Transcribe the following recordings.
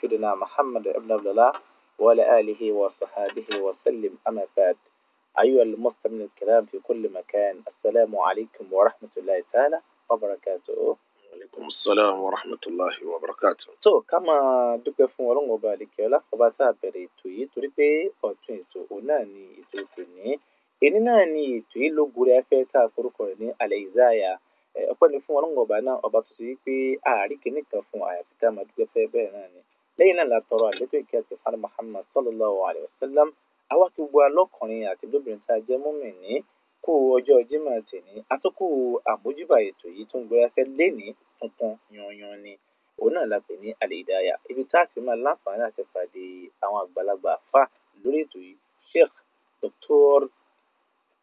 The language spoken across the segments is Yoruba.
سيدنا محمد بن عبد الله وعلى آله وصحابه وسلم أما بعد أيها المستمعين الكرام في كل مكان السلام عليكم ورحمة الله تعالى وبركاته aleykum salaam wa rahmatulahi wa barakatu. tó ká máa dúpẹ́ fún ọlọ́run ọba àlekè ọlá ọba tá a bẹ̀rẹ̀ ètò yìí torí pé ọ̀tún ètò òun náà ni ètò ètò ní èní náà ni ètò yìí ló gorí afẹ́ tá a forúkọ rẹ̀ ní alẹ́ ìzáyà ọpẹ́ ni fún ọlọ́run ọba náà ọba tó ti rí pé ààrí kìíní kan fún àyàfi tá a máa dúpẹ́ fẹ́ bẹ́ẹ̀ náà ni lẹ́yìn náà látọrọ àlékún ìkẹsì fún Muhammad sallallahu alayhi wa sallam àwa ti gbọ́ alọ́kùnrin àti lóbìnrin tá a jẹ́ mùmínì kú ọjọ́ Jímọ̀ tèmi àtúkù àmójúbà ètò yìí tó ń gbéraṣẹ́ léni tuntun yanyan ni òun náà la pè ní Al-Hidayah ibi tá a sì máa láǹfààní àti pàdé àwọn àgbàlagbà àfà lórí ètò yìí Sheikh Dr.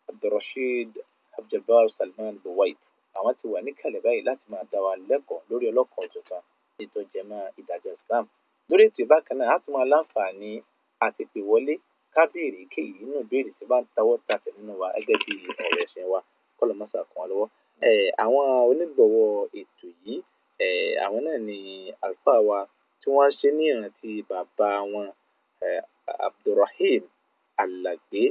Abdulrasheed Abdulbar Salman Buwait àwọn ti wà níkàlẹ̀ báyìí láti máa dá wa lẹ́kọ̀ọ́ lórí ọlọ́kan òjọ̀kan ètò ìjẹ̀mọ́ ìdájọ́ Islam lórí ètò ìbákan náà a tún máa láǹfààní àti pè wọlé ká béèrè nínú ìbéèrè tí bá ń tawọ́ tasẹ̀ nínú wa gẹ́gẹ́ bí ọ̀rọ̀ ẹ̀sìn wa kọ́lọ̀ mọ́sà kan lọ́wọ́. àwọn onígbọ̀wọ́ ètò yìí àwọn náà ni àlùfáà wa tí wọ́n ṣe ní ìrántí bàbá wọn Abdulrahim Alàgbé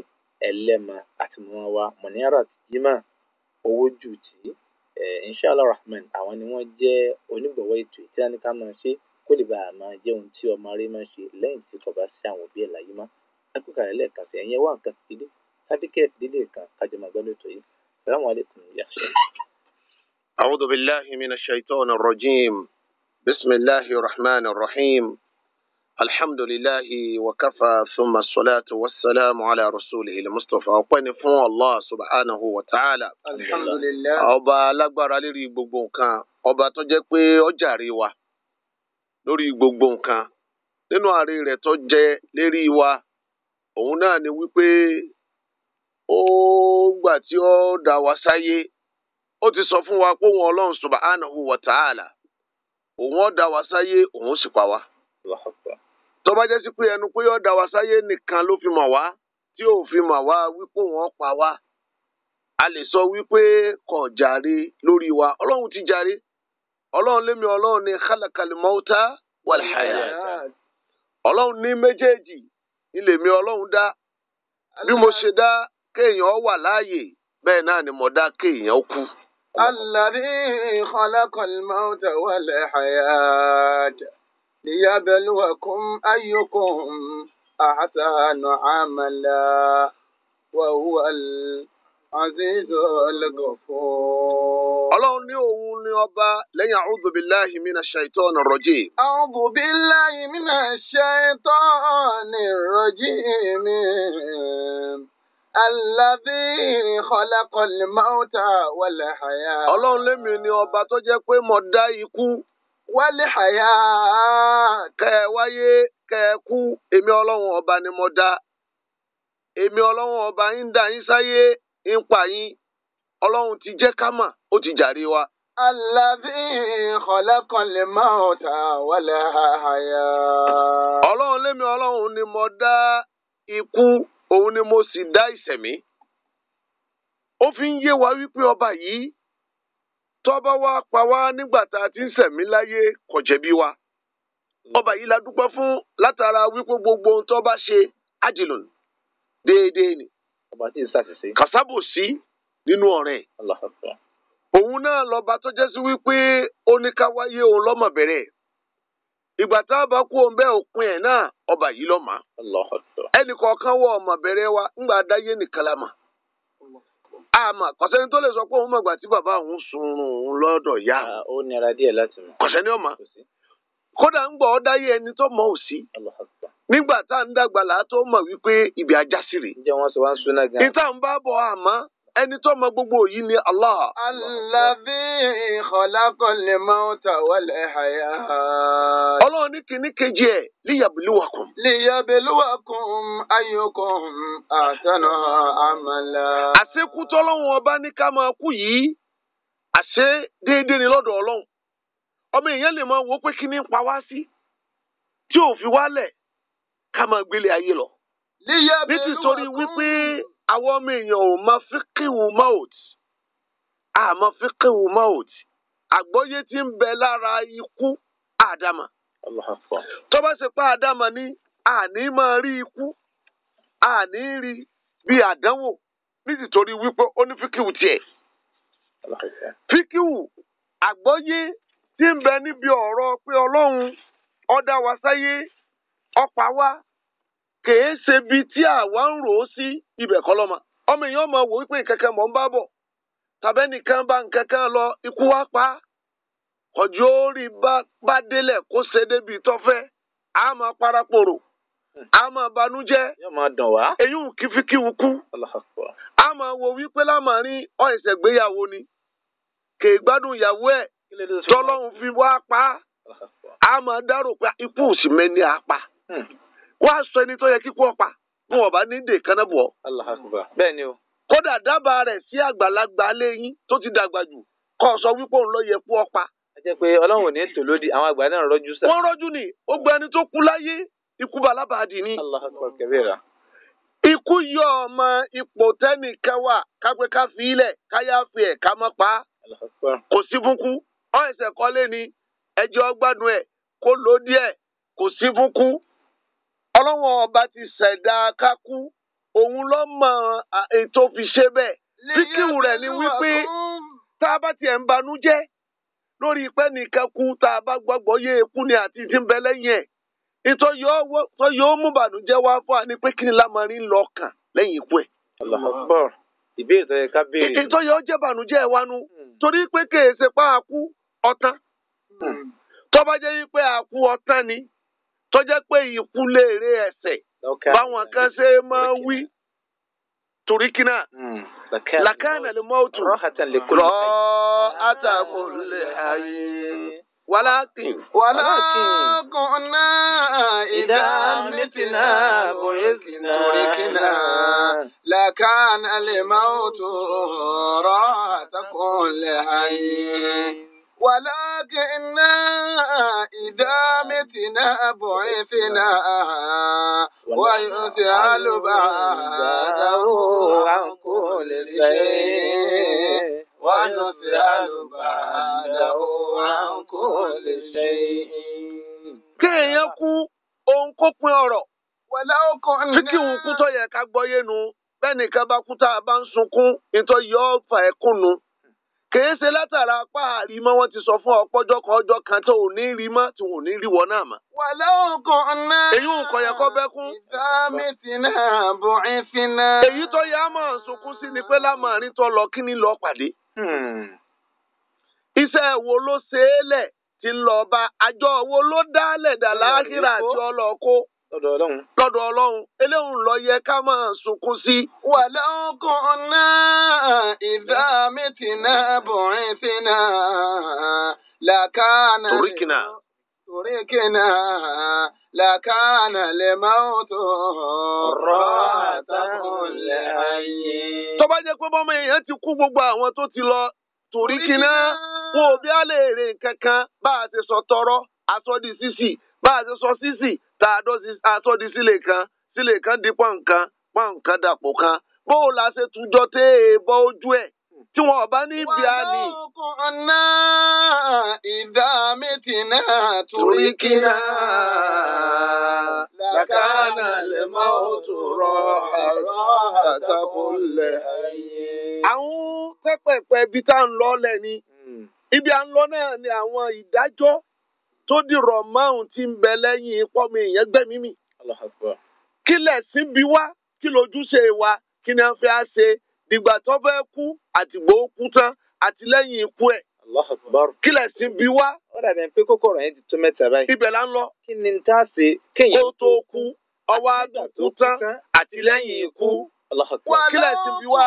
Ẹlẹ́mọ àti màmá wa Munirat Jimoh Owójùtì inshallah rahman àwọn ni wọ́n jẹ́ onígbọ̀wọ́ ètò ìtìláníkà máa ṣe kó lè bàa máa jẹ́ ohun tí ọmọ aré máa ń ṣe lẹ́yìn tí kò bá sí àwọn òbí ẹ̀ láyé mọ́ akókalẹ̀ lẹ́ẹ̀kan sí ẹ̀yìn ẹwà nǹkan dídé sábíkẹ́ẹ̀tì dídé kan kájọ máa gbọ́dọ̀ tó yìí sàlámù alẹ́kùn yà ṣe. أعوذ بالله من الشيطان الرجيم بسم الله الرحمن الرحيم الحمد لله وكفى ثم الصلاة والسلام على رسوله المصطفى ọpẹ́ ni fún Allah subhanahu wa ta'ala alhamdulillah ọba alágbára lérí gbogbo nǹkan ọba tó jẹ́ pé ó jàre wa lórí gbogbo nǹkan nínú ààrẹ rẹ̀ tó jẹ lérí wa òun náà ni wípé ó gbà tí ó dá wa sáyé ó ti sọ fún wa pé òun ọlọ́run subhanahu wa ta'ala òun ó dá wa sáyé òun sì pa wá. tó bá jẹ́ sí pé ẹnu pé ó dá wa sáyé nìkan ló fi mọ̀ wá tí ò fi mọ̀ wá wípé òun ó pa wá a lè sọ wípé kò jàre lórí wa ọlọ́run ti jàre ọlọ́run lémi ọlọ́run ní khalaqal mauta wal hayata ọlọ́run ní méjèèjì ilẹ̀ mi ọlọ́run dá bí mo ṣe dá kéèyàn wà láàyè bẹ́ẹ̀ náà ni mo dá kéèyàn kú. Alladhi khalaqal mauta wal hayata liyabluwakum ayyukum ahsanu amala wa ọlọ́run ní òun ní ọba lẹ́yìn a'udhu billahi minash shaitani rrajim. a'udhu billahi minash shaitani rrajim. Alladhi khalaqal mauta wal haya. Ọlọ́run lémi ni ọba tó jẹ́ pé mo dá ikú. Wal haya. Kẹ́ wáyé kẹ́ ẹ kú, èmi ọlọ́run ọba ni mo dá. Èmi ọlọ́run ọba ń dá yín sáyé. ń pa yín ọlọ́run ti jẹ́ ká mà ó ti jàre wa. Alábí ìkọ̀lẹ́kọ̀lẹ́ máa ń ta wọlé àyà. Ọlọ́run lémi ọlọ́run ni mo dá ikú òun ni mo sì dá ìṣẹ̀mí. Ó fi ń yé wa wípé ọba yìí tọ́ba wa pa wá nígbà tá a ti ń ṣẹ̀mí láyé kò jẹ̀bi wa. Ọba yìí la dúpẹ́ fún látara wípé gbogbo ohun tọ́ba ṣe ájìlùn déédéé ni. kàsábòsí nínú ọ̀rẹ́ òun náà lọ́ba tó jẹ́ wípé ó ní ká wáyé òun lọ́mọ ìgbà tá a bá kú òun bẹ́ẹ̀ ẹ̀ náà ọba yìí lọ́mọ ẹnì kọ̀ọ̀kan wọ wa dáyé nìkan la mà tó lè sọ pé òun tí bàbá òun sunrun òun yá ó nira ọ dáyé ẹni tó òsì nígbà tá à ń dàgbà látó mọ̀ wípé ibi ajá sì rè. ǹjẹ́ wọ́n sọ wá ń gan. ìta ń bá bọ̀ àmọ́ ẹni tó mọ gbogbo yìí ni Allah. Alladhi khalaqal mawta wal hayata. ọlọ́run ní kìíní kejì ẹ̀ liyabluwakum. liyabluwakum ayyukum ahsanu amala. àṣekú ọba ní ká máa kú yìí àṣe déédéé ni lọ́dọ̀ ọlọ́run ọmọ èèyàn máa wò ó pé ni pa wá kama gbili ayi lo lọ. tori wípé àwọn ọmọ èèyàn ò máa fi kíwù maut àmọ́ fi kíwù maut àgbọ́yé tí ń bẹ lára ikú àdàmà. tó bá ṣe ni àní máa rí ikú àní rí bí àdánwò nítorí wípé ó ní fíkìwù tiẹ̀. fíkìwù àgbọ́yé agboye ń bẹ níbi ọ̀rọ̀ pé ọlọ́run ó wa Ọpa wa kèé ṣebi tí wá ń rò ó sí ibẹ̀ kọ́ lọ́mọ ọmọ èèyàn máa wò wípé kankan mọ̀ ń bá bọ̀ tàbẹ́ nìkan bá nkankan lọ ikú wa pa orí bá délẹ̀ kó ṣe débi tọ́fẹ́ a máa parapòrò a máa èyí kú a máa wò wípé gbéyàwó ni gbádùn ìyàwó tọ́lọ́hún fi wá pa á máa dárò pé ikú òsì mẹ́ni Hmm. wọ́n á ẹni tó yẹ kíkú ọ̀pá wọn ò bá ní dè bọ̀. Hmm. o. kódà dábàá rẹ̀ sí àgbàlagbà tó ti dàgbà jù kọ́ sọ wípé òun lọ yẹ kú ọ̀pá. a jẹ́ pé ọlọ́run ní tò lódì àwọn àgbà náà rọ́jú sá. wọ́n ni ó gba ẹni tó kú láyé ikú ni. ikú yọ ọmọ ipò kápẹ́ ká fi ilẹ̀ káyà fi ẹ̀ ká mọ́ pa kò ni ẹjọ́ gbádùn ẹ̀ kó kò ọlọ́wọ́n ọba ti ṣẹ̀dá kákú òun ló mọ ètò fi ṣe bẹ́ẹ̀ píkìwù rẹ̀ ni wípé tá a bá tiẹ̀ ń banújẹ́ lórí ipẹ́ nìkan kú tá a bá gbọ́gbọ́ yé eku ni àti ti ń bẹ lẹ́yìn ẹ̀ ìtọ́ yóò mú bànújẹ́ wá fún wa ni pé kí ni lámarin lọ kàn lẹ́yìn ikú ẹ̀. ìbéèrè tó yẹ ká ìtọ́ yóò jẹ́ bànújẹ́ wa nu hmm. torí pé kèé ṣe pa àkú ọ̀tán hmm. tó bá jẹ́ wípé àkú ọ̀tán ni. tó jẹ́ pé ikú léèrè ẹsẹ̀ báwọn kan ṣe máa wí turikina lakana lè mọ́tò rọ́ àtàkùn lè ayé. ولكن ولكن كنا إذا متنا بعثنا تركنا لكان الموت راحة كل حي ولكننا إذا متنا بعثنا ويسأل بعده عن كل شيء ويسأل بعده عن كل شيء kéèyàn kú òun kó pin ọ̀rọ̀ tí kì í kú tó yẹ ká gbọ́ yé nu bẹ́ẹ̀ nìkan bá kú tá a bá ń sunkún ìtọ́ yọ ọ́ fà ẹ́ kùnú. kèé ṣe látara apá àrímọ́ wọn ti sọ fún ọ pọ́jọ́ kan ọjọ́ kan tó ò ní rí mọ́ tí wọn ò ní rí wọn náà mọ́. wà lóògùn náà èyí nǹkan yẹ kọ́ bẹ́kún. ìdámé ti náà bọ̀ ẹ́ fi náà. èyí tó yá mọ̀ sunkún sí ni pé lámàrin tó lọ kí ni lọ pàdé. Hmm. iṣẹ́ wo ló ṣe é lẹ̀ tí ń lọ bá àjọ wo ló dálẹ̀ dà láàkírà àti ọlọ́kọ́. lọ́dọ̀ ọlọ́run. lọ́dọ̀ ọlọ́run eléhùn ló yẹ ká máa sunkún sí. wàlẹ́ ọkàn náà ìdá mẹ́tìnà bọ̀rin fínà làkàna. toríkìnà. toríkìnà làkàna lè máa ń tó ọ̀rọ̀ àtàkùnlé ayé. tó jẹ́ pé bọ́mọ èèyàn ti kú gbogbo àwọn tó ti lọ toríkìnà wọn ò bí a lè rìn kankan bá a ti sọ tọrọ asọ́di sísì bá a ti sọ sísì tá a sọ di sílé kan sílé kan di pọ́n kan pọ́n kan dàpọ̀ kan bó o la ṣe túnjọ tẹ́ ẹ e bọ́ ojú ẹ̀ tí wọn ọba ní ibi a ní. wàá lóko ọ̀nà ìdá méjì náà torí kí náà làkàna lè má ó tòrọ àrọ àtàkùnlẹ̀ ayé. àwọn pẹ́pẹ̀pẹ́ ibi tá à ń lọ lẹ̀ ni hmm. ibi à ń lọ náà ni àwọn ìdájọ́ tó dìrọ̀ márùn ti ń bẹ lẹ́yìn ipò mi èèyàn gbẹ̀mí mi. kí lẹ̀sìn bí wá kí lójúṣe wa kí ni a fẹ́ ṣe dìgbà tó fẹ́ kú àtìgbò kú tán àti lẹ́yìn ikú ẹ̀. kí lẹ̀sìn bí wá. ó dàbí pé kókòrò yẹn ti tó mẹ́ta báyìí. ibẹ̀ la ń lọ. kí ni n ta ṣe kéèyàn kó tó kú ọwọ́ àtúntò tán àti lẹ́yìn ikú. kí lẹ̀sìn bí wá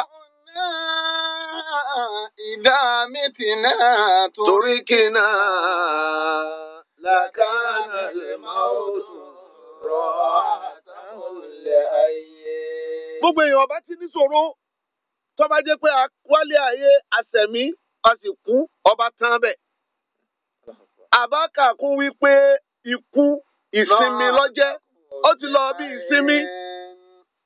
ìdá mìtìnà torí kìnà. لكان الموت راحة لأيه gbogbo èèyàn ọba ti níṣòro tó bá jẹ́ pé wálé ayé àṣẹmí a sì kú ọba tán bẹ àbákà kún wípé ikú ìsinmi lọ́jẹ́ ó ti lọ bí ìsinmi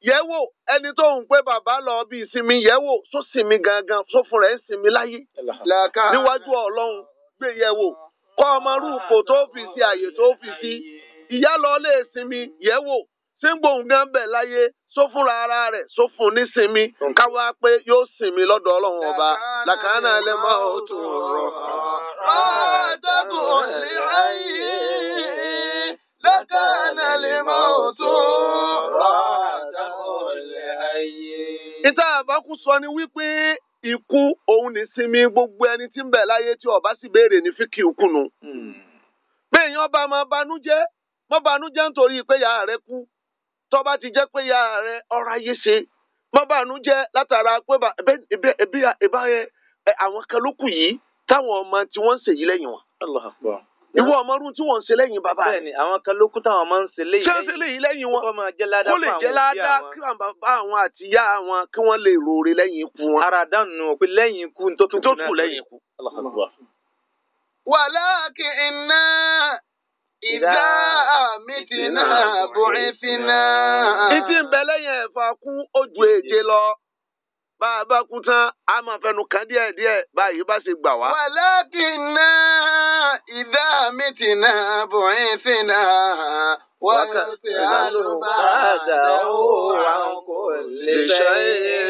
yẹ̀wò ẹni tó ń pé bàbá lọ bí ìsinmi yẹ̀wò sósinmi gangan sófin rẹ̀ ń sinmi láyé níwájú Ọlọ́run gbé yẹ̀wò kọ́ ọmọ rúfò tó fi sí àyè tó fi sí ìyá lọ lè sinmi yẹ̀ wò tí ń gbóhùn gan bẹ̀ láyé só fúnra ara rẹ̀ só fún ní sinmi káwá pé yóò sinmi lọ́dọ̀ ọlọ́run ọba làkàánà ẹlẹ́mọ́ ó tún rọ̀. ọ̀ọ́dọ́gùn ní ayé làkàánà ẹlẹ́mọ́ ó tún rọ̀. ìta àbákú sọ ni wípé ikú òun ní sinmi gbogbo ẹni tí ń bẹ láyé tí ọba sì béèrè ní fíkì kùnú. bẹ́ẹ̀ yẹn ọba máa banújẹ́ mọ́ banújẹ́ nítorí pé ìyá rẹ kú tọ́ba ti jẹ́ pé ìyá rẹ ọ̀rọ̀ ayé ṣe mọ́ banújẹ́ látara pé ẹbí àwọn kan ló kù yìí táwọn ọmọ tí wọ́n ń ṣèyí lẹ́yìn wọn ìwọ ọmọrún tí wọ́n ń ṣe lẹ́yìn bàbá rẹ̀. bẹ́ẹ̀ni àwọn kan ló kú táwọn máa ń ṣe lẹ́yìn. ṣé ń ṣe lẹ́yìn lẹ́yìn wọn kó lè jẹ́ ládàá kí bàbá àwọn àti ìyá àwọn kí wọ́n lè rọre lẹ́yìn ikú wọn. ara dànù pé lẹ́yìn ikú tó tún lẹ́yìn ikú. wàlákì iná ìdá mìtìnà bùrìfìnà. ìtì ń bẹ lẹ́yìn ẹ̀fà kú ojú èje lọ bá a bá kú tán a máa fẹnu kan díẹ̀ díẹ̀ báyìí bá ṣe gbà wá. wàlákìnà ìdá mi ti nà bọ̀yìn sí nà wọ́n ti àlùbáàdà òwúrọ̀ kò lè ṣẹ́yìn.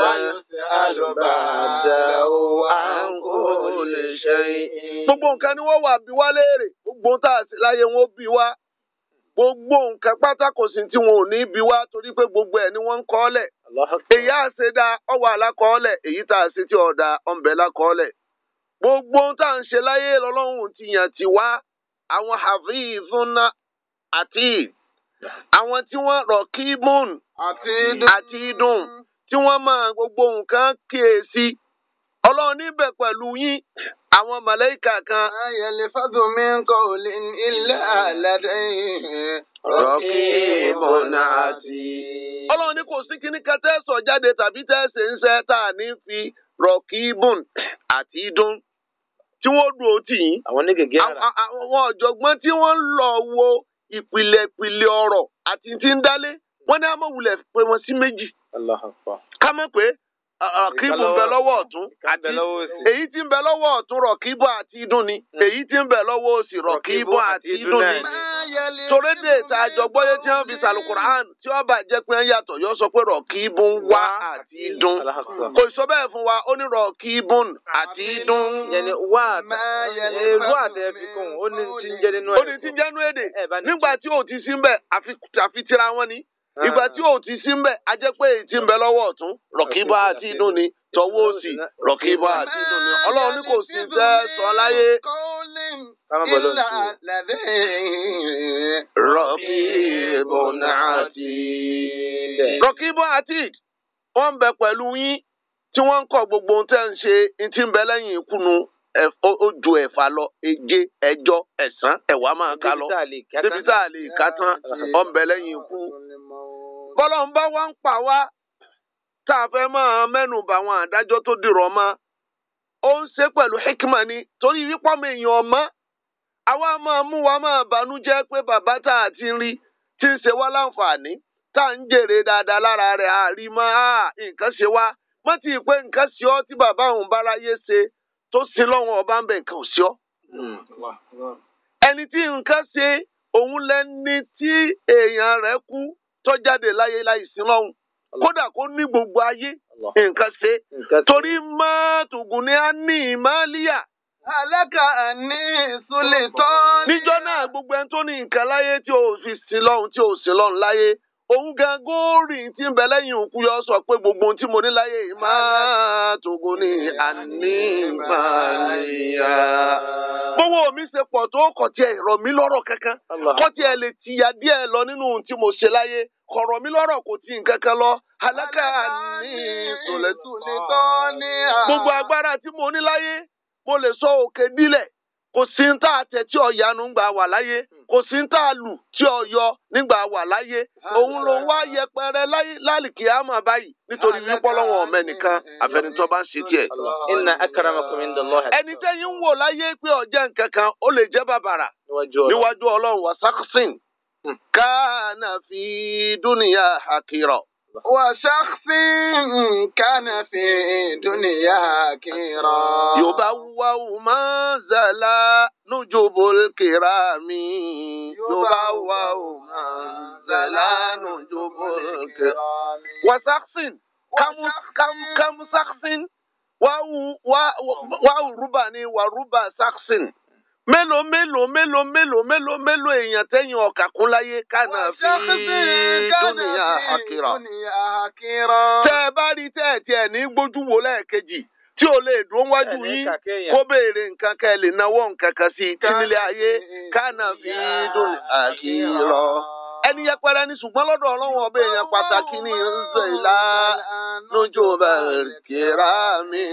wọ́n ti àlùbáàdà òwúrọ̀ kò lè ṣẹ́yìn. gbogbo nǹkan ni wọ́n wà bí wá léèrè gbogbo tá a sì láyé wọn bí wá gbogbo nǹkan pátá kò sí tí wọn ò ní bí wá torí pé gbogbo ẹ̀ ni wọ́n ń kọ́ọ́lẹ̀ èyí àṣẹ dá ọwọ́ alákọọ́lẹ̀ èyí tá a ṣe tí ọ̀dà ọ̀nbẹ̀ lákọọ́lẹ̀ gbogbo ohun tá à ń ṣe láyé lọ́lọ́run ti yàn ti wá àwọn hafizuna àti àwọn tí wọ́n rọ̀ kíbùn àti idun tí wọ́n máa gbogbo nǹkan kíyèsí ọlọ́run níbẹ̀ pẹ̀lú yín àwọn màláíkà kan. ayẹlẹ fàdùn mi ń kọ òlì ilé àlàdéyìn rọkì àti ọlọ́run ní kò sí kíní kan tẹ́ sọ jáde tàbí tẹ́ ń ṣe tá ní fi rọkì bùn àti dún tí wọ́n dùn ó tì yín. àwọn ní gègé ara. àwọn lọ wo ìpìlẹ̀pìlẹ̀ ọ̀rọ̀ àti ti ń dálé wọ́n ní àmọ́ wulẹ̀ pé wọ́n sí méjì. ká rọkìbù ń bẹ lọ́wọ́ ọ̀tún àti èyí tí ń bẹ lọ́wọ́ ọ̀tún rọkìbù àti idún ni hmm. èyí tí ń bẹ lọ́wọ́ òsì rọkìbù àti idún ni. torí de ìta àjọgbọ́yé tí wọ́n fi sàlùkùrán tí wọ́n bá jẹ́ pé ń yàtọ̀ yóò sọ pé rọkìbù ń wá àti idun. kò sọ bẹ́ẹ̀ fún wa ó ní rọkìbù àti idun. yẹni wá àtẹ fi kún ó ní tí ń jẹ́ nínú èdè Ó tí ò ti sí ń bẹ̀ àfi tira wọn ni. ìgbà tí o ti sí mbẹ a jẹ pé èyí ti ń bẹ lọ́wọ́ ọ̀tún rọkìbá àti inú ni tọwọ́ òsì rọkìbá àti inú ni Ọlọ́run ní kò sí tẹ sọ láyé. rọkìbá àti wọn bẹ pẹ̀lú yín tí wọ́n ń kọ́ gbogbo ohun tẹ́ ń ṣe ti ń bẹ lẹ́yìn ojo ju ẹ̀fà lọ eje, ẹjọ, ẹ̀sán ẹ̀wá máa ka lọ débi tá a lè ka tán ọ̀nbẹ lẹ́yìn ikú. ń pa wá tá a fẹ́ máa ṣe pẹ̀lú ni torí wípọ́ mi ọmọ àwa máa mú wa máa bànújẹ́ pé bàbá tá a ti rí ti ń ṣe wá láǹfààní tá a ń jèrè dáadáa lára rẹ̀ àrí nǹkan ṣe wá pé nǹkan ṣe ọ́ tó sin lọ́wọ́ ọba ń bẹ nǹkan ò sí ọ́. Hmm. ẹni tí nǹkan ṣe òun lẹni tí èèyàn rẹ̀ kú tó jáde láyé láì sin lọ́hùn kódà kó ní gbogbo ayé nǹkan ṣe torí mọ́tògùn ni a ní ìmọ̀líyà. alága ní ìsúlẹ̀ níjọ́ náà gbogbo ẹni tó ní nǹkan láyé tí o fi sin lọ́hùn tí o sin lọ́hùn láyé òun gan góòrì tí ń bẹ lẹ́yìn òkú yọ sọ pé gbogbo ohun tí mo ní láyé yìí máa tógo ní àníbàníyà. gbogbo mi ṣe pọ̀ tó kọ̀ rọ̀ mí kankan kọ́ tiẹ̀ lè lọ nínú ohun tí mo ṣe láyé kọ̀rọ̀ lọ́rọ̀ kò tí lọ. alákà ní tòlẹ́tòlẹ́ gbogbo agbára tí mo ní láyé mo lè sọ òkè dílẹ̀ kò sí ní tá a tẹ̀ tí ọ̀yanu kò sí ń tà lù tí Ọ̀yọ́ nígbà wà láyé ah, òun ló ah, wá ah. yẹpẹrẹ lálìkí àmọ́ báyìí nítorí wípọ́ lọ́wọ́ ọmọ ẹnìkan àfẹnitọ́ bá ń ṣe inna ẹni tẹ́yìn ń wò láyé pé ọ̀jẹ̀ nkankan ó lè jẹ́ bàbàrà níwájú ọlọ́run wa kánà hmm. fi dúnìyà àkìrọ̀. الكرام يبوأ منزلا نجوب الكرام وسخص كم كم كم سخص واو رباني وربا سخص mélòó mélòó melo melo mélòó mélòó èèyàn tẹ́yìn ọ̀kà kún láyé kánà fi dúnìyà àkìrà tẹ́ ẹ bá rí tẹ́ ẹ tiẹ̀ ní gbójú wo lẹ́ẹ̀kejì tí ò lè dúró wájú yín kó béèrè nǹkan ká ẹ lè náwó nǹkan kan sí kí ayé kánà fi dùn àkìrọ. ẹni yẹpẹrẹ ni ṣùgbọ́n lọ́dọ̀ ọlọ́run ọbẹ̀ yẹn pàtàkì ní ṣe ìlà lójú bàkìrà mi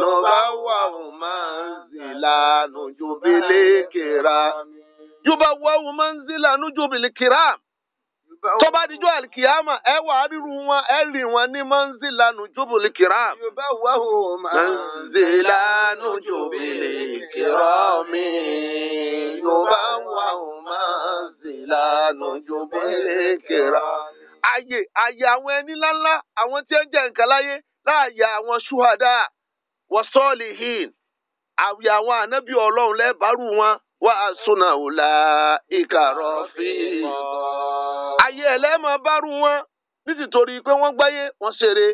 ló bá wà ó máa ń zìlà lójú bílẹ̀ kìrà. yóò bá wà ó máa ń zìlà lójú bílẹ̀ kìrà mi. tó bá dijọ́ alikiyama ẹ wà á ríru wọn ẹ rìn wọn ní manzila nujubul kiram. yorùbá wà ó manzila nujubul kiram mi. yorùbá wà ó manzila nujubul kiram. ààyè ààyè àwọn ẹni ńláńlá àwọn tí ń jẹ nǹkan láyé láàyè àwọn ṣúhàdá wọ́n sọ́ọ̀lì hìn àwọn àwọn ànábì ọlọ́run lẹ́ẹ̀bárù wọn. wà á súnà òòlà ìkàrọ̀ fi. ayé ẹlẹ́mọ̀ bá rú wọn nítìtorí pé wọ́n gbáyé wọ́n ṣeré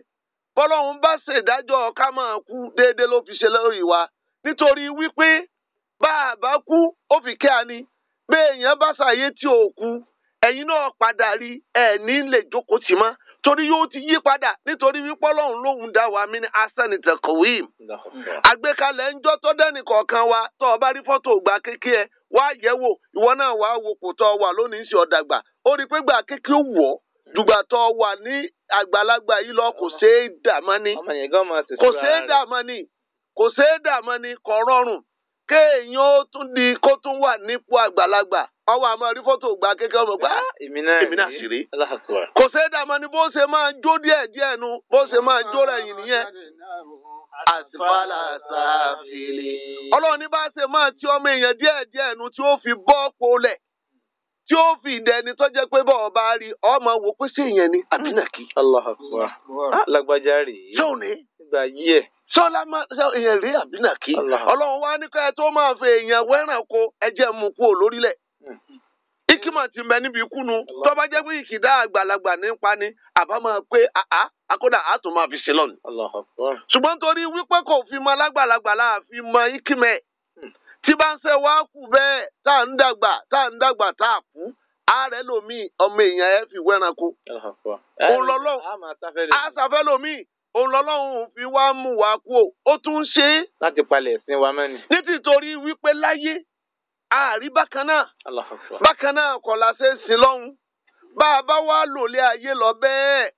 bọ́lọ́hún bá ṣèdájọ́ ká máa kú déédéé ló fi ṣe lórí wa nítorí wípé bá a bá kú ó fi kẹ́ àní bẹ́ẹ̀ èèyàn bá ṣàyé tí ò kú ẹ̀yin náà padà rí ẹ̀ ní lè jókòó tì mọ́ torí yóò ti yí padà nítorí wípé ọlọ́run lóhun dá wa mí ní asẹ́nìtẹ̀ kọ̀wé àgbékalẹ̀ ńjọ́ tó dẹ́nì kọ̀ọ̀kan wa tó bá rí fọ́tò ògbà kékeré wá yẹ̀ wò ìwọ náà wá wo kò tọ́ wà lónìí ṣe ọ̀dàgbà ó ni kò dà mọ́ ni kò dà mọ́ rọrùn kéèyàn ó tún di kó tún wà nípò àgbàlagbà ọwọ́ àmọ́ rí fọ́tò gbà kékeré ọmọ gbà ah, èmi náà ni bó ṣe máa jó díẹ̀ díẹ̀ nu bó ṣe máa jó rẹ̀yìn nìyẹn. ọlọ́run ní bá ṣe máa ti ọmọ èèyàn díẹ̀ díẹ̀ tí ó fi bọ́ lẹ̀. tí ó fi ìdẹni tó je pé bọ́ọ̀ bá rí ọmọ wò pé sí ìyẹn ni àbínàkì. Allahu Akbar alágbájá ah, rèé. sóòní. ni yí ẹ. sọlá máa ìyẹn rí àbínàkì. ọlọ́run wá ní káyọ̀ tó máa fi èèyàn wẹ́ràn ko ẹjẹ́ mu kú olórílẹ̀. Hmm. ikima ti mẹ níbi kúnu tó bá jẹ́ pé ìkìdá àgbàlagbà nípa ni àbá máa pé àá akódà tún máa fi ṣe ṣùgbọ́n torí wípé kò fi mọ alágbàlagbà mọ tí bá ń ṣe wá kù bẹ́ẹ̀ tá à ń dàgbà tá à ń dàgbà tá à kú ààrẹ lomi ọmọ èèyàn ẹ fi wẹ́ranko. òun àṣàfẹ́ lomi fi wá mú wa kú o wa mẹ́ni. wípé láyé àárí bákan náà bákan náà sin bá a bá wá lọ bẹ́ẹ̀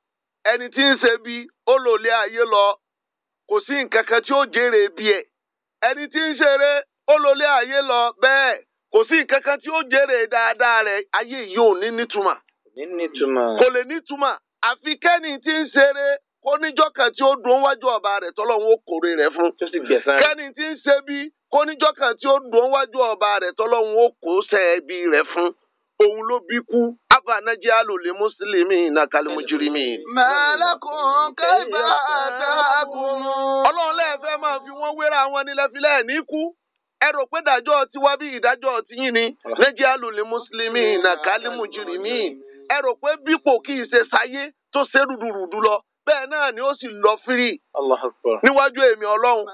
ẹni tí ń ṣe bí lọ kò sí nǹkan kan tí ó jèrè bí ẹni ó lọlé ayé lọ bẹ́ẹ̀ kò sí nǹkan kan tí ó jèrè dáadáa rẹ̀ ayé yìí ò ní nítumọ̀. kò lè nítumọ̀ àfi kẹ́ni tí ń ṣeré kó níjọ́ kan tí ó dùn wájú ọba rẹ̀ tọ́lọ́run ó kórè rẹ̀ fún. kẹ́ni tí ń ṣe bí kó níjọ́ kan tí ó dùn wájú ọba rẹ̀ tọ́lọ́run ó kó sẹ́ rẹ̀ fún. òun ló bí kú afa anajẹ alòlè mùsùlùmí mẹ́lẹ́kùn ẹ rò pé ti wá bí ìdájọ́ tiyín ni lẹ́jẹ́ alùlẹ̀ mùsùlùmí nàkálímù jìrìmí ẹ pe pé bípò kì í ṣe sáyé tó ṣe rúdurùdu lọ bẹ́ẹ̀ náà ni ó sì lọ firi níwájú èmi ọlọ́run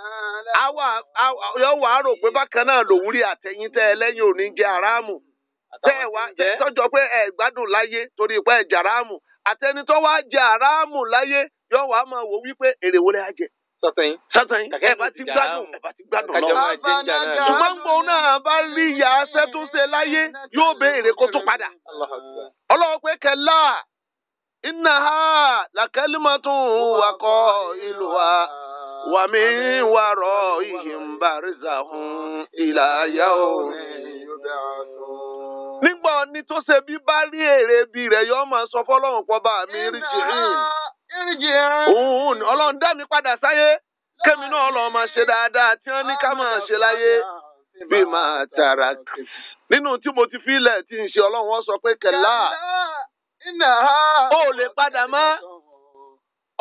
yóò wá rò pé bákan náà lòun rí àtẹ̀yìn tẹ́ ẹ lẹ́yìn òní jẹ́ wá tọ́jọ́ pé ẹ gbádùn láyé torí ipa ẹ aráàmù àtẹnitọ́ wá aráàmù láyé máa wò wípé sọsẹyìn. sọsẹyìn ẹ bá ti gbádùn ẹ bá ti gbádùn lọ. náà bá rí ìyá tó ṣe láyé yóò béèrè kó tó padà. ọlọ́wọ́ pé kẹlá iná ha làkẹ́límọ̀ tún wà kọ́ ìlú wa wà mí wà rọ ìhìn bàrìsà hun ìlà ayá o. nígbà sọ fọlọ́run bá mi rí òun ọlọ́run dá mi padà sáyé kẹ́mi náà lọ́ọ́ máa ṣe dáadáa tí wọ́n ní ká máa ṣe láyé bí máa tara nínú tí mo ti fílẹ̀ tí ń ṣe ọlọ́run wọ́n sọ pé kẹlá ó lè padà mọ́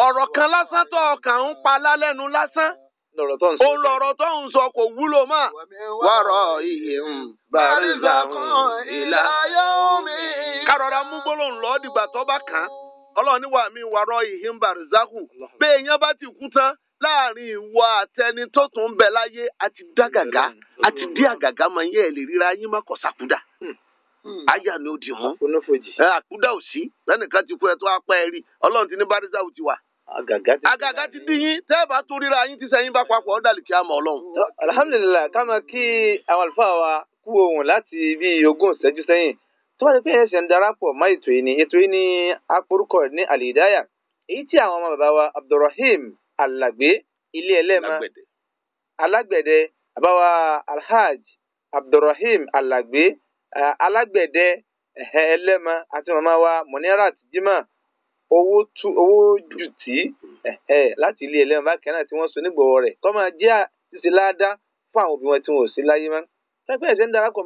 ọ̀rọ̀ kan lásán tó ọkàn ń pa lálẹ́nu lásán ó lọ̀rọ̀ tó ń sọ kò wúlò mọ́. wàrọ̀ iye ń bàrẹ̀ zàkùn ìlà. kárọ̀dá mú gbólóhùn lọ́ọ́ dìgbà tó bá kàn án. ọlọ́run ní wàmí wàrọ̀ ìhìnbà rìzákù bẹ́ẹ̀ yẹn bá ti kú tán láàrin ìwà àtẹni tó tún bẹ láyé àti dágàgá àti dí àgàgá máa ń yẹ ẹ lè ríra yín má kọ sàkúdà hmm. hmm. àyà ni ó di hàn àkúdà ò sí lẹ́nìkan ti kú ẹ tó apá ẹ rí ọlọ́run ti ní bárísà ò ti wà àgàgà ti dín yín tẹ́ ẹ bá tó ríra yín ti sẹ́yìn bá papọ̀ ọ̀dàlì kí a mọ̀ ọlọ́run. alhamdulilayi ká máa kí àwọn àlùfáà wa kú ohun láti bíi ogún ìṣẹ́jú sẹ́yìn tó bá ti pé ẹ̀sẹ̀ ń darapọ̀ mọ́ ètò yìí ni ètò yìí ni aporúkọ ní àlìdáyà èyí tí àwọn ọmọ bàbá wa abdulrahim alàgbé ilé ẹlẹ́mà alágbẹ̀dẹ bàbá wa alhaj abdulrahim alàgbé alágbẹ̀dẹ ẹlẹ́mà àti màmá wa monirat jimá owó tu, owó jù tí láti ilé ẹlẹ́mà bákan náà tí wọ́n so nígbòwọ́ rẹ̀ kọ́ máa jẹ́ àtìsí ládá fún àwọn òbí wọn tí wọn ò sí láyé mọ́ sẹ́gbẹ́ ẹ̀sẹ̀ ń darapọ̀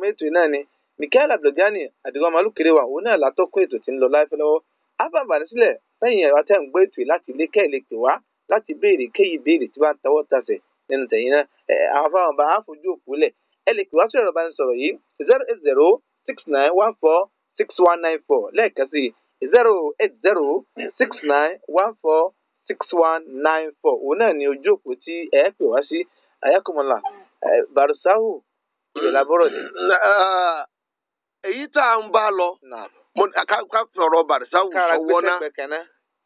Mikel Abdulgani àdìgbò ọmọ alúkèrè wa òun náà látọ́kùn ètò tí ń lọ láìpẹ́ lọ́wọ́ ábàbàní sílẹ̀ lẹ́yìn ẹ̀rọ tẹ́ ń gbé ètò láti ilé kẹ́ẹ̀lẹ́kè wá láti béèrè kéyìí béèrè tí bá ń tọwọ́ tasẹ̀ nínú tẹ̀yìn náà àwọn fáwọn bá á fojú òkú lẹ̀ ẹ lè pè wá sórí ẹ̀rọ bá ń sọ̀rọ̀ yìí zero eight zero six nine one four six one nine four lẹ́ẹ̀kan zero eight zero six nine one four six one nine four òun náà ni ojú òkú tí ẹ pè wá sí ayakumola barusahu ìlàbọ̀rọ̀ ni. èyí tá à ń bá lọ ká sọ̀rọ̀ bàrìsà wùsọ̀wọ́ náà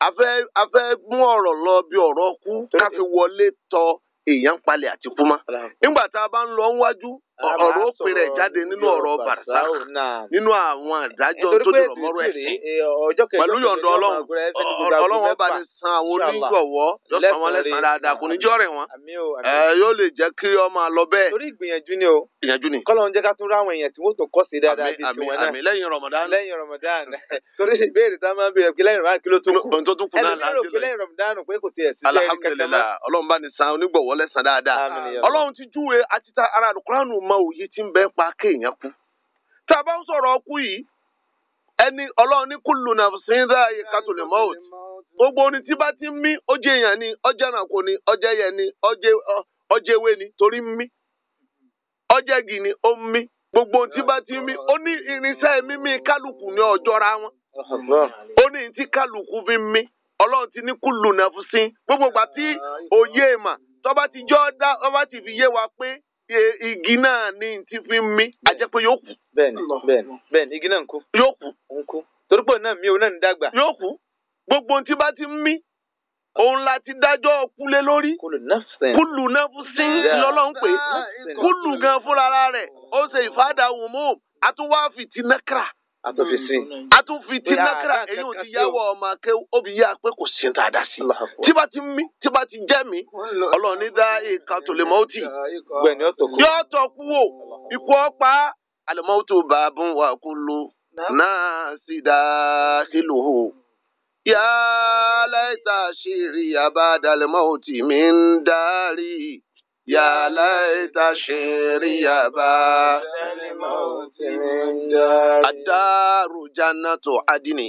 a fẹ́ mú ọ̀rọ̀ lọ bí ọ̀rọ̀ kú ká fi wọlé tọ èèyàn palẹ̀ àti kú mọ́. nígbà tá a bá ń lọ ń ọ̀rọ̀ ó pèrè jáde nínú ọ̀rọ̀ bàtà nínú àwọn àdájọ́ tó dìrọ̀ mọ́rọ̀ ẹ̀sìn pẹ̀lú yọ̀ǹdọ̀ ọlọ́run ọlọ́run ọba ni san àwọn onígbọ̀wọ́ lọ́sàn wọn lẹ́sàn dáadáa kò ní jọ́ rẹ̀ wọ́n yóò lè jẹ́ kí ọ máa lọ bẹ́ẹ̀. torí ìgbìyànjú ni o ìyànjú ni. kọ́lọ́ ń jẹ́ ká tún rá àwọn èèyàn tí wọ́n tó kọ́ sí dáadáa bí tiwọn náà lẹ́yìn Ramadan lẹ́yìn Ramadan torí ìbéèrè tá a máa ń béèrè pé lẹ́yìn Ramadan kí ló tún kù. ohun tó tún kù náà láti lè ẹni lérò lẹ́yìn Ramadan pé kò tiẹ̀ sí lẹ́yìn kẹtẹ́mọ́. alhamdulilayi ọlọ́run bá ní san onígbọ̀wọ́ lẹ́sàn dáadáa ọlọ́run ti júwe àti ta ara àdùkúránù m mọ òye ti ń bẹ pa kéèyàn kú tá a bá ń sọ̀rọ̀ ọkú yìí ẹni ọlọ́run ní kullu gbogbo bá ti ń mí ó èèyàn ni ó ẹranko ni ó ẹyẹ ni ewé ni torí ń mí ni ń mí gbogbo tí bá ti ń mí ó ní irinṣẹ́ mímí kálukú ní ọjọ́ra wọn ó ní tí kálukú fi mí ọlọ́run ti ní gbogbo tí òye ti jọ́ igi náà ní ti fi ń mí àjẹ́ pé yóò kú. bẹ́ẹ̀ni bẹ́ẹ̀ni bẹ́ẹ̀ni igi náà ń kú. yóò kú. ń kú torí pé òun náà mí òun náà ń dàgbà. yóò kú gbogbo ohun tí bá ti ń mí òun la ti dájọ́ kulé lórí kúlù náà fún sí lọ́lọ́run pé kúlù gan fúnra rẹ̀ ó ṣe ìfádà wùmọ́ àtúwáfì ti nákàrà àtúnfi sí. àtúnfi tí nàkàrà èyí ò ti yáwọ ọmọ akẹ́ obi yá pé kò sí ta dá sí. tí bá ti mí tí bá ti jẹ́ mi ọlọ́run ní dá ìka tòlẹ́mọ́ ó tì. yóò tọ́ kú o ikú ọ̀pá àlùmọ́tò bàbá wa kú lo náà sì dá kílò yàrá ìta ṣe rí abádàlẹ́mọ́ ó tì ń darí. يا ليت شريبا للموت من داري الدار جنة عدن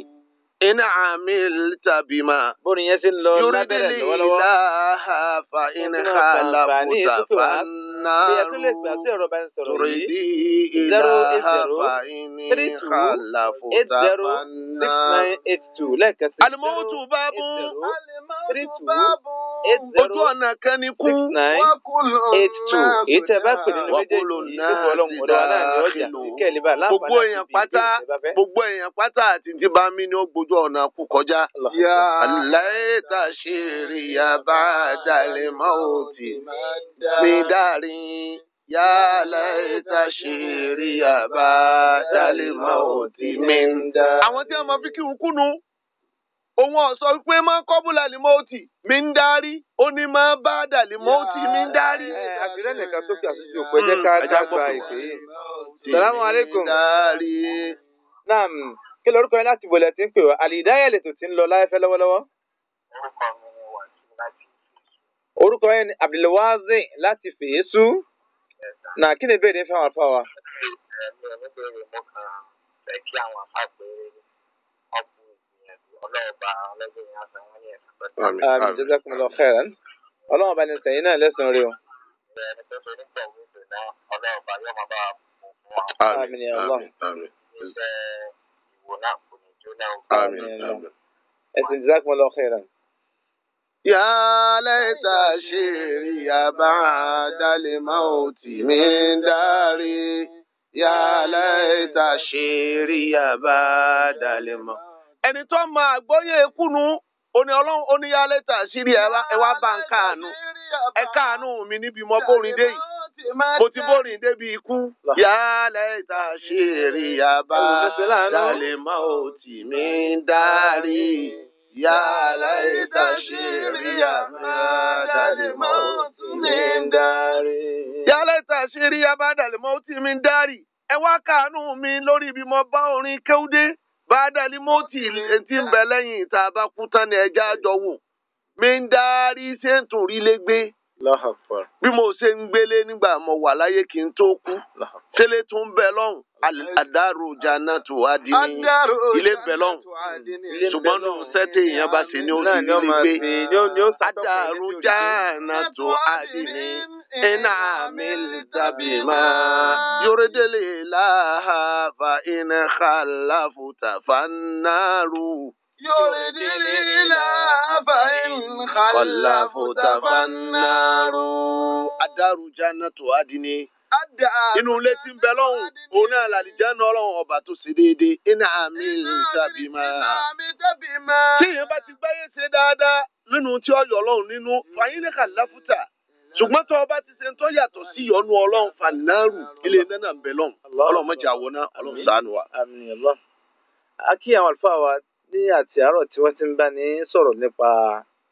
إن عملت بما يرد الإله فإن خلفت فأنت náà bí ẹ tún zero zero three two eight zero six nine eight two lẹ́ẹ̀kan sí alimọ́wútú bá three two eight zero ojú ọ̀nà kan ni kú six nine eight two èyí tẹ́ bá pè nínú méjèèjì ìdúpọ̀ gbogbo èèyàn pátá gbogbo èèyàn pátá àti ti mi ní ó gbójú ọ̀nà kú kọjá. aláìta rí yaba mọ́ òtí mi dárí. يا ليت شيري بعد الموت من دار àwọn tí wọn máa fi kírun kúnnu òun ọ̀sọ́ pé máa kọ́bùlà lè mọ́ọ̀tì mi ń darí ó ní máa bá dàlí mọ́ọ̀tì mi ń darí. àbílẹ̀ nìkan sókè àtúntò pé mm, jẹ́ ká ká ìpè. salamu aleykum. naam kí lorúkọ yẹn láti bọ̀lẹ̀ tí ń pè wá àlìdáyà lè tó ti ń lọ láyé lọ́wọ́lọ́wọ́ orúkọ yẹn ni abdulwazi láti fèésù na kí ni ìbéèrè fún àwọn afa wa. ẹ̀mí ẹ̀mí bèrè mo kàn fẹ́ kí àwọn afa pé ọkùn ìgbìyànjú ọlọ́ọ̀bà ọlọ́gbìnrin àti àwọn ní ẹ̀sán pẹ̀lú. àmín jazakumullahu khairan ọlọ́ọ̀bà ni sẹ́yìn náà lẹ́sàn-án rí o. ẹni tó ṣe nípa òwe ìdè náà ọlọ́ọ̀bà yóò máa bá a fò fún wa. àmín ni Allah. iṣẹ́ ìwò náà kò ní jóná o. àmín ni Allah. ẹ̀sìn jazakumullahu khairan. يا ليت شعري بعد الموت من داري يا ليت شعري بعد الموت ẹni tó mọ àgbọ́yé kùnú oní ọlọ́run oní yá lẹ́tà sírí ẹ wá bá ń káàánú ẹ káàánú mi níbi mo bórin dé yìí mo ti bórin débi ikú. yá lẹ́tà ṣe rí yaba dálé máa ò يا ليت شعري بعد الموت من داري يا ليت شعري بعد الموت من داري ẹ wá káàánú mi lórí ibi mo bá orin kéwúdé bàdàlí mọ́tì tí ń bẹ lẹ́yìn tá bá kú tán ni ẹja jọ wò mí ń darí ṣé ń tún rí lé gbé bí mo ṣe ń gbélé nígbà mo wà láyé kí n tó kú tẹ́lẹ̀ tún bẹ lọ́hùn àdàrò jana tó a di ní ilé bẹ lọ́hùn ṣùgbọ́n nù sẹ́tẹ̀ èèyàn bá ṣe ni ó ti ní gbé àdàrò jana tó a di ní iná mi tàbí máa yorùdélé láhàfà iná kàlàfùtà fanáàrù. يرد الإله فإن خلف تفنار الدار جنة عدن inú ilé tí ń bẹ lọ́hùn òun náà làlìjáná ọlọ́run ọba tó ṣe déédéé iná àmì tàbí máa. tí èèyàn bá ti gbáyé ṣe dáadáa nínú tí ọyọ ọlọ́run nínú fàyínlẹ́kà láfútà ṣùgbọ́n tó o bá ti ṣe ń tọ́ yàtọ̀ sí ìyọnu ọlọ́run fanáàrù ilé iná náà ń bẹ lọ́hùn ọlọ́run mọ̀jà wọná ọlọ́run ṣàánú wa. a àlùfáà wa ní àti àárọ̀ tí wọ́n ti ń bá ní sọ̀rọ̀ nípa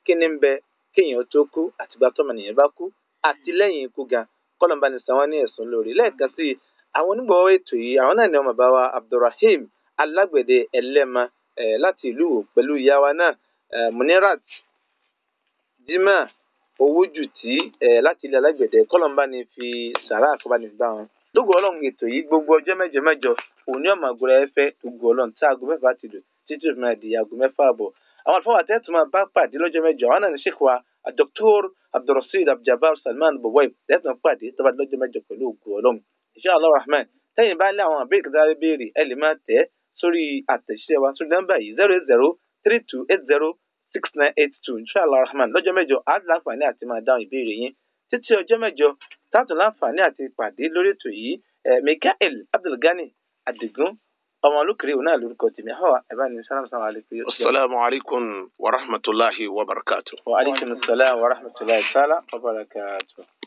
kí ni ń bẹ kéèyàn tó kú àtìgbà tọ́mọnìyàn bá kú àti lẹ́yìn ikú gan kọ́lọ́mbà ní sàn wọ́n ní ẹ̀sùn lórí lẹ́ẹ̀kan sí i àwọn onígbọ̀wọ́ ètò yìí àwọn náà ni ọmọ bá wa Abdulrahim alágbẹ̀dẹ ẹlẹ́mà eh, láti ìlú wò pẹ̀lú ìyá wa náà eh, Munirat Jimá Owójùtì eh, láti ilé alágbẹ̀dẹ kọ́lọ́mbà ní fi sàrà àkọ́bá ní fi bá wọn lógo ọlọ́run ètò yìí gbogbo ọjọ́ mẹ́jọ mẹ́jọ òní ọmọ àgùrà ẹfẹ ògo ọlọ́run tá aago mẹ́fà ti dùn títí fi máa di aago mẹ́fà àbọ̀ àwọn àlùfáà àti ẹ̀tùmọ̀ bá pàdé lọ́jọ́ mẹ́jọ àwọn náà ní sheikh wa dr abdulrasheed abduljabar salman buwaib ẹ̀tùmọ̀ pàdé tọ́ba lọ́jọ́ mẹ́jọ pẹ̀lú ògùn ọlọ́run insha allah rahman tẹ́yìn bá lé àwọn àbẹ́ẹ̀kì dáre béèrè ẹ lè máa tẹ̀ sórí àtẹ̀ṣẹ́ wa sórí nọ́mbà yìí zero eight zero three two eight zero six nine eight two insha allah rahman lọ́jọ́ mẹ́jọ àti láǹfààní àti máa dáhùn ìbéèrè yín títí ọjọ́ mẹ́jọ tààtù láǹfààní àti pàdé lórí ètò yìí eh, mikael abdulgani adigun السلام عليكم ورحمة الله وبركاته وعليكم السلام ورحمة الله وبركاته